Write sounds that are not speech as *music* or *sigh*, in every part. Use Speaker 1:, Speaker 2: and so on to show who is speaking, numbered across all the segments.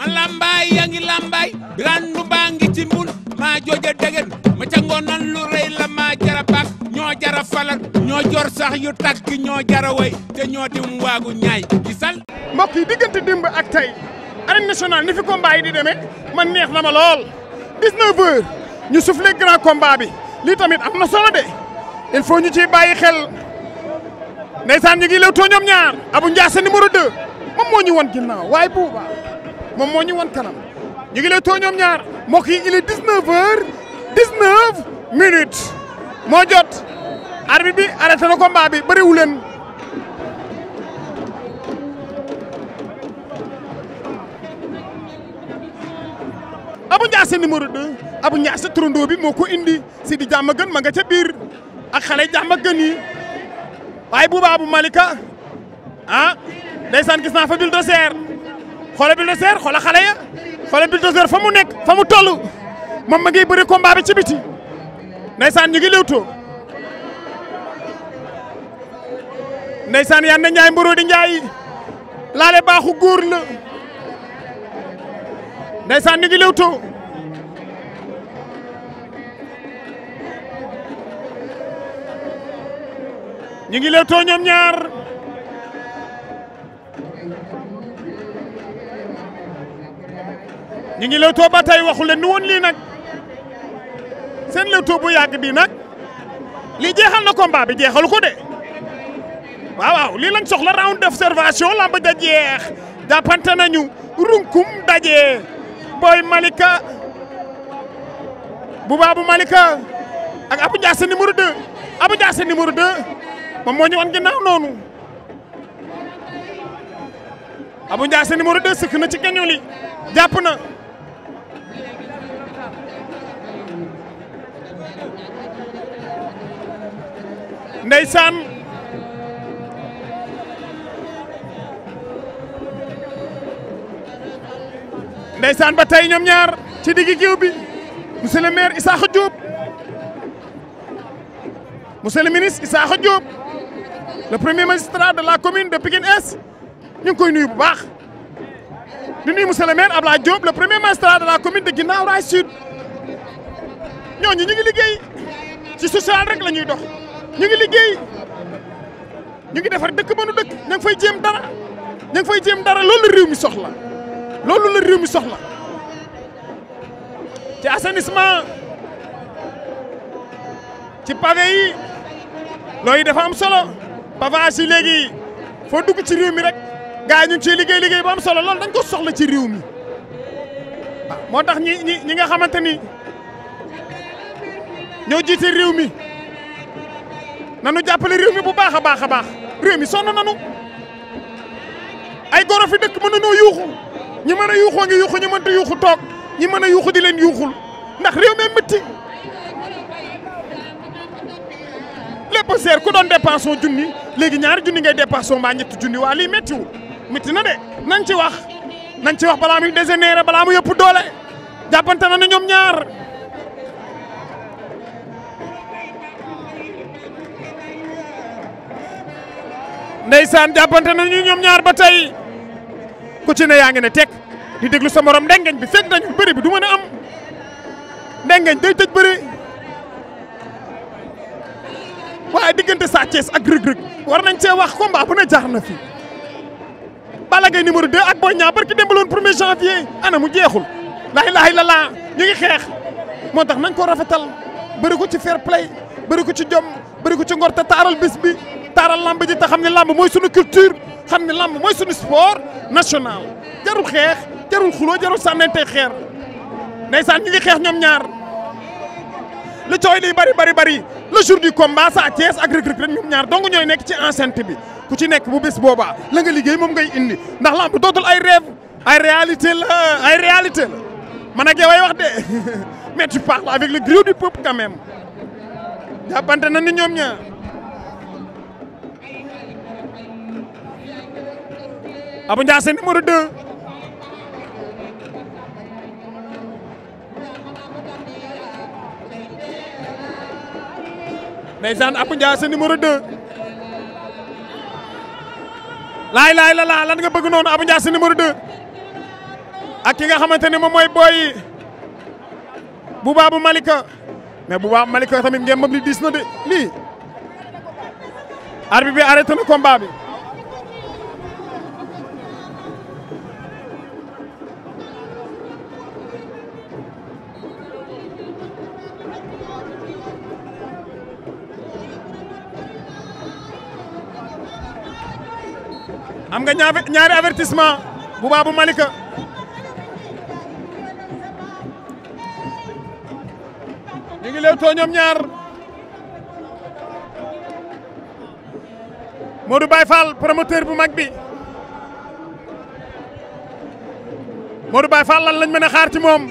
Speaker 1: ma lambaay yaa ngi lambaay randu baa ngi ci mbul maa jooja degen ma ca ngoonan lu rëy la maa jara ñoo jara ñoo jor yu tàkk ñoo jara way te ñoo dim waagu ñaay gisal mbokk yi diggante démb ak tey arène nationale ni fi combat yi di demee man neex na ma lool 19 heures ñu soufflé grand combat bi lii tamit am na solo de il faut ñu ciy bàyyi xel ndeysaan ñu ngi lew too ñoom ñaar Abou Ndiassé numéro 2 moom moo ñu won ginnaaw waaye buuba moom moo ñu wan kanam ñu ngi ñaar mbokk yi il est 19 heures moo jot arbitre bi arrêté na combat bi bëriwu leen Abou Ndiassé numéro 2 Abou Ndiassé turandoo bi moo ko indi si di jàmm gën ma nga ca biir ak xale jàmm gën yi waaye bu baabu Malika ah ndeysaan gis naa fa bulldozer xoola Bulldozer xoola xale ya xoola Bulldozer fa mu nekk fa mu toll moom ma ngi bëri combat bi ci biti ndaysaan ñu ngi lewtoo ndaysaan yaan ñaay mboroo di njaay laale baaxu góor la ndaysaan ñu ngi lewtoo ñu ngi lewtoo ñoom ñaar ñu ngi Leewtoo ba tey waxu leen ni woon lii nag seen bu yàgg bii nag lii jeexal na combat bi jeexalu ko de waaw waaw lii lañ soxla round d'observation lamb ja jeex jàppante nañu runkum daje booy Malika bu baabu Malika ak Abou Ndiassé numéro 2 Abou Ndiassé numéro 2 noonu Abou Ndiassé numéro 2 sëkk na ci keñu li jàpp na. ndeysaan ndeysaan ba tey ñoom ñaar ci diggi géew bi monsieur le maire Issakha Diop monsieur le ministre Issakha premier magistrat de la commune de Pikine Est ñu koy nuyu bu baax di nuyu monsieur le maire Ablaye Diop le premier magistrat de la commune de Guinaw Rail Sud ñooñu ñu ngi liggéey ci social rek la ñuy dox ñu ngi liggéey ñu ngi defar dëkk ba nu dëkk ña ngi fay jéem dara ña ngi fay jéem dara loolu la réew mi soxla loolu la réew soxla ci assainissement ci pavé yi looyu dafa am solo pavage yi léegi foo dugg ci réew mi rek gars yi ñu liggéey liggéey ba solo loolu dañ ko soxla ci réew mi moo tax ñi ñi ñi nga xamante ni ñoo jiite réew mi nanu jàppale réew mi bu baax a baax a baax réew mi sonn nanu ay goro fi dëkk mënuñoo yuuxu ñi mën a yuuxoo ngi yuuxu ñi mënta yuuxu toog ñi mën a yuuxu di leen yuuxul ndax réew mi métti seer ku doon dépense woon junni léegi ñaari junni ngay dépense woon mbaa ñetti junni waa lii méttiwul na de nañ ci wax nañ ci wax balaa muy dégénéré balaa mu yëpp doole jàppante na ne ñoom ñaar. ndeysaan jàppante na nañu ñoom ñaar ba tey ku ci ne yaa ngi ne teg di déglu sa morom bi fekk nañu bëri bi du mën a am ndengeñ day tëj bëri waaye diggante Sa Thiès ak Reug Reug war nañ cee wax combat bu ne jaar na fi Balla Gaye numéro 2 ak Boy Niang barki dembaloon 1er ana mu jeexul la ilaha illallah ñu xeex moo tax nañ koo rafetal bëri ko ci fair play bëri ko ci jom bëri ko ci ngor taaral bis bi taaral lamb ji te xam ne lamb mooy suñu culture xam ne lamb mooy suñu sport national jarul xeex jarul xuloo jarul sànnante xeer ndeysaan ñi ngi xeex ñoom ñaar li cooy liy bari bari bari le jour du combat Sa Thiès ak Reug Reug rek ñoom ñaar dong ñooy nekk ci enceinte bi ku ci nekk bu bés boobaa la nga liggéey moom ngay indi ndax lamb dootul ay rêve ay réalité la ay réalité la man ak yow ay wax de *laughs* mais tu parles avec le griot du peuple quand même ni ñoom Abou Ndiassé numéro 2 ndeysaan Abou Ndiassé numéro la laa lan nga bëgg noonu Abou Ndiassé numéro 2 ak ki nga xamante ni moom mooy booy bu baabu Malika mais bu baabu Malika tamit ngeen moom li diis na de lii arbitre bi arrêté na combat bi am nga ñaari avertissement bu Babou Malika ñu ngi lewtoo ñoom ñaar Modou Baye Fall promoteur bu mag bi Modou Baye Fall lan lañ mën a xaar ci moom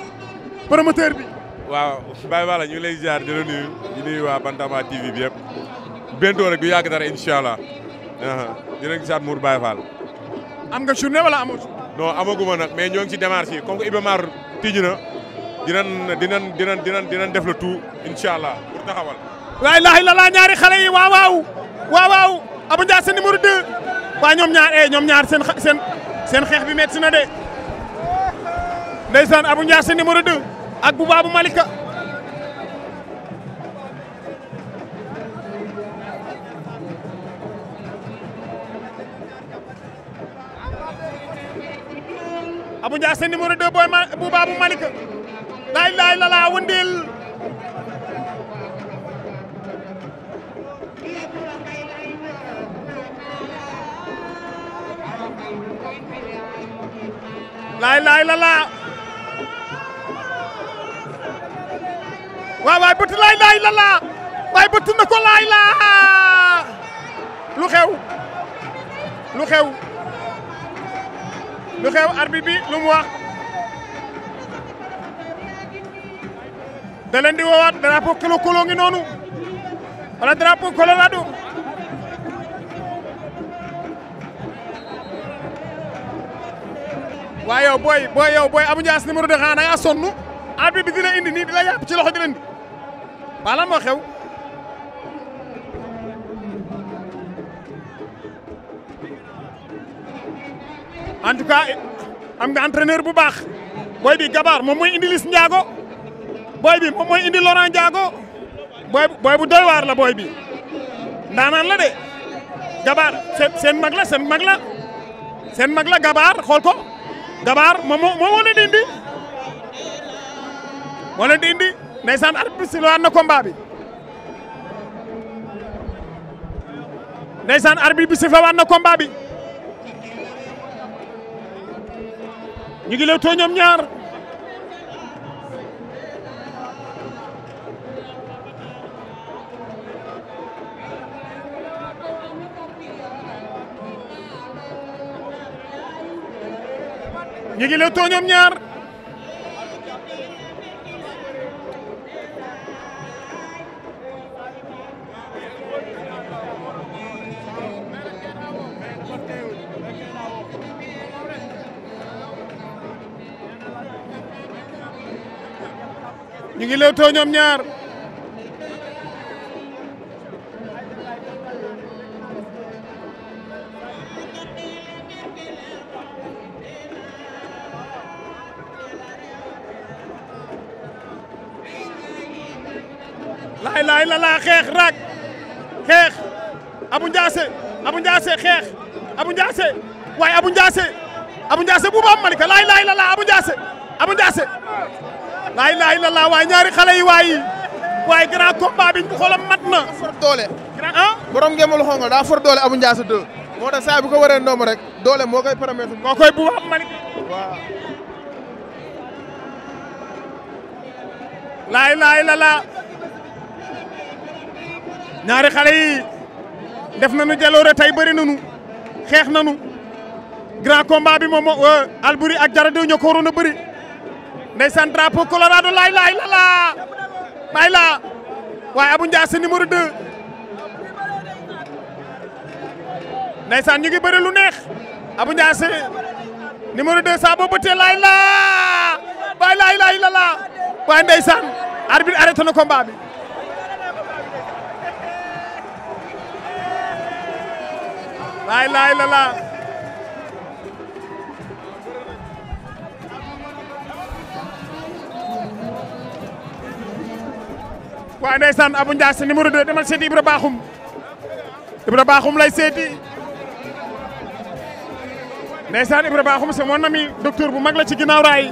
Speaker 1: promoteur bi. waaw Baye Fall ñu ngi lay ziar di la nuyu di nuyu waa Bantamba TV bi yëpp bientôt rek du yàgg dara incha allah. dinañ uh-huh. gisaat Mour Baye Fall. am nga journée wala amoo journée. non amaguma nag mais ñoo ngi ci démarche yi comme que Iba Mar tijji na dinañ dinañ def le tout incha allah pour taxawal. waay laahi la laa ñaari xale yi waaw waaw waaw waaw Abou Ndiaye seen numéro 2 waaw ñoom ñaar eh ñoom ñaar seen seen seen xeex bi metti na de ndeysaan Abou Ndiaye seen numéro 2 ak bu Babou Malika. Abou Ndiaye seen numéro 2 booy ma bu Babou Malick laay laay la laa wëndeel laay laay la laa waaw waay bët laay laay na ko laay lu xew lu xew lu xew arbitre lu mu wax da leen di woowaat drapeau kolo kolo ngi noonu wala drapeau colorado waaye yow booy booy yow booy Abou Ndiass numéro 2 xanaa da ngaa sonn indi nii di la ci loxo di leen di bala xew en am nga entraîneur bu baax booy bi Gabar moom mooy indi Liss Ndiago booy bi moom mooy indi Laurent booy bu doy waar la booy bi ndaanaan la de Gabar seen mag la seen mag la seen mag la Gabar xool ko Gabar moom moo moo leen di indi moo leen di indi ndeysaan arbitre si waat na combat bi ndeysaan arbitre na combat bi. ñu ngi lewtoo ñoom ñaar ñu ngi lewtoo ñoom ñaar ñaar laay laay la xeex raak xeex Abou Ndiassé Abou Ndiassé xeex Abou Ndiassé waaye abu Ndiassé Abou Ndiassé bu Malika laay laay la laa Abou Ndiassé Abou laa ilaaha illallaah waay ñaari xale yi waay waaye grand combat biñ ko xoolam mat na. daa for doole. ah borom ngeen ma lu daa for doole Abou Ndiasse 2. moo tax saa bu ko waree ndoom rek doole moo koy permettre. moo koy bu am Malick. waaw. laa ilaaha ñaari xale yi def nañu jaloore tey bëri nañu xeex nañu grand combat bi moom euh, Alboury ak Jara 2 ñoo ko ndeysaan drapeau Colorado laay laay la laa laay laa waaye Abou Ndiasse numéro 2 ndeysaan ñu ngi bëri lu neex Abou Ndiasse numéro 2 saa boo bëttee laay laa waay laay laay la laa waaye ndeysaan arbitre arrêté na combat bi laay laay la laa waaye ndeysaan Abou Ndiassé numéro 2 demal seeti Ibra Bakhoum Ibra baaxum lay seeti ndeysaan Ibra Bakhoum c'est mon ami docteur bu mag la ci ginnaaw raay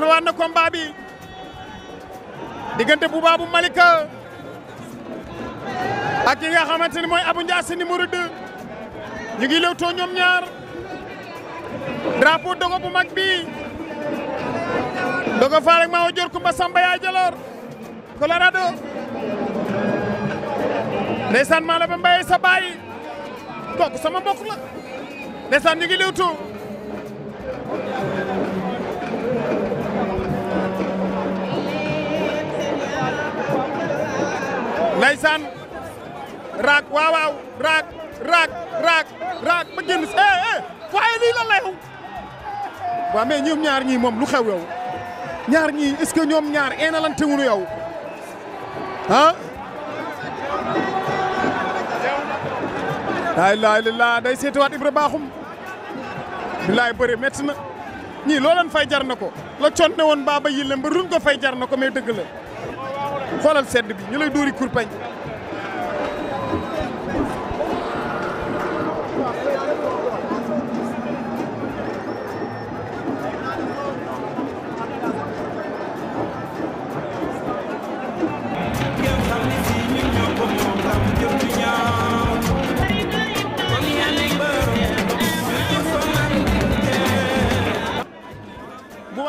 Speaker 1: jeexal waat na combat bi diggante Bouba bu Malika ak ki nga xamante ni mooy Abou Ndiassé numéro 2 ñu ngi ñaar drapeau dogo bu mag bi dogo faal ak maa wa jor Kumba Samba yaa jaloor Colorado ndeysaan maa sama mbokk la ndeysaan ñu ngi lewtoo ndeysaan raak waaw waaw raak raak raak raak ba génn si eh, eh. lii la yow waaw mais ñoom ñaar ñii moom lu xew yow ñaar ñii est-ce que ñoom ñaar eenalante wuñu yow ah laa ilaaha illallaah day seetiwaat Ibra Baaxum bilaay bëre métti na ñii loo leen fay jar na ko la coon woon baaba yi lemba ruñ ko fay jar na ko mais dëgg la xoolal sedd bi ñu lay dóori kurpañ bu baax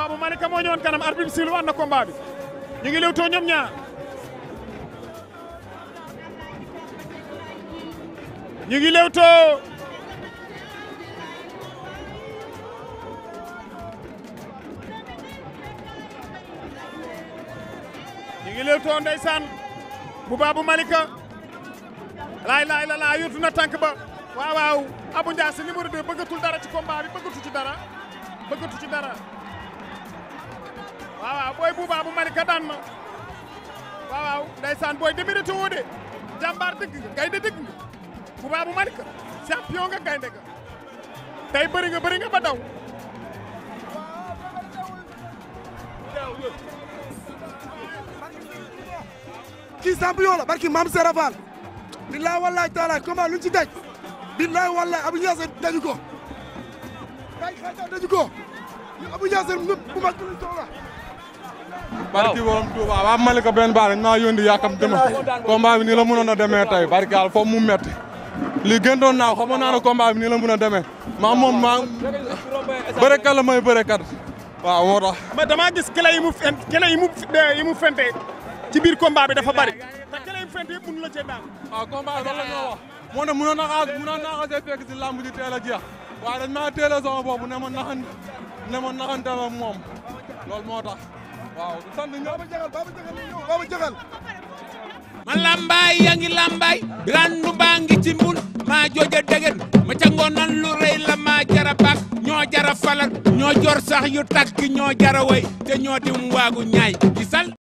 Speaker 1: bu Malika moo ñëwoon kanam arbitre bi na combat bi ñu ngi léewtoo ñoom ñaar ñu ngi lewtoo ngi lewtoo ndeysaan bu baabu Malika laay laay la laa yóotu na tànk ba waaw waaw Abou Ndiassé numéro 2 bëggatul dara ci combat bi bëggatu dara bëggatu ci dara waaw waaw booy bu baabu Malika daan na waaw waaw ndeysaan booy démérité woo de jàmbaar dëgg Toubabou man ka champion nga gaynde nga tey bëri nga bëri nga ba daw kii champion la barki maam serafal billaay wallaay taalaay comment luñ ci daj billaay wallaay Abou Ndiassé daju ko day xaajal daju ko Abou Malika benn baa dañ maa yónni yaakam dema combat bi nii la mënoon a demee tey barki yàlla foofu mu metti lii gën doon naaw xamoon naa ne combat bi nii la mën a demee. maa moom maa bërekat la may bërekat. waaw moo tax. mais damaa gis kële yi mu yi mu yi mu fente ci biir combat bi dafa bari. te kële moo ne mënoon na xaas mënoon naa xasee fekk si làmb ji teel a maa teel a sama bopp ne ma naxan ne moom loolu moo tax ma lambaay yaa ngi lambaay randu baa ngi ci mun maa jooja degen ma cangoo nan lu rëy la maa jara baak ñoo jara falak ñoo jor sax yu tàkk ñoo jara way te ñoo di waagu ñaay gisal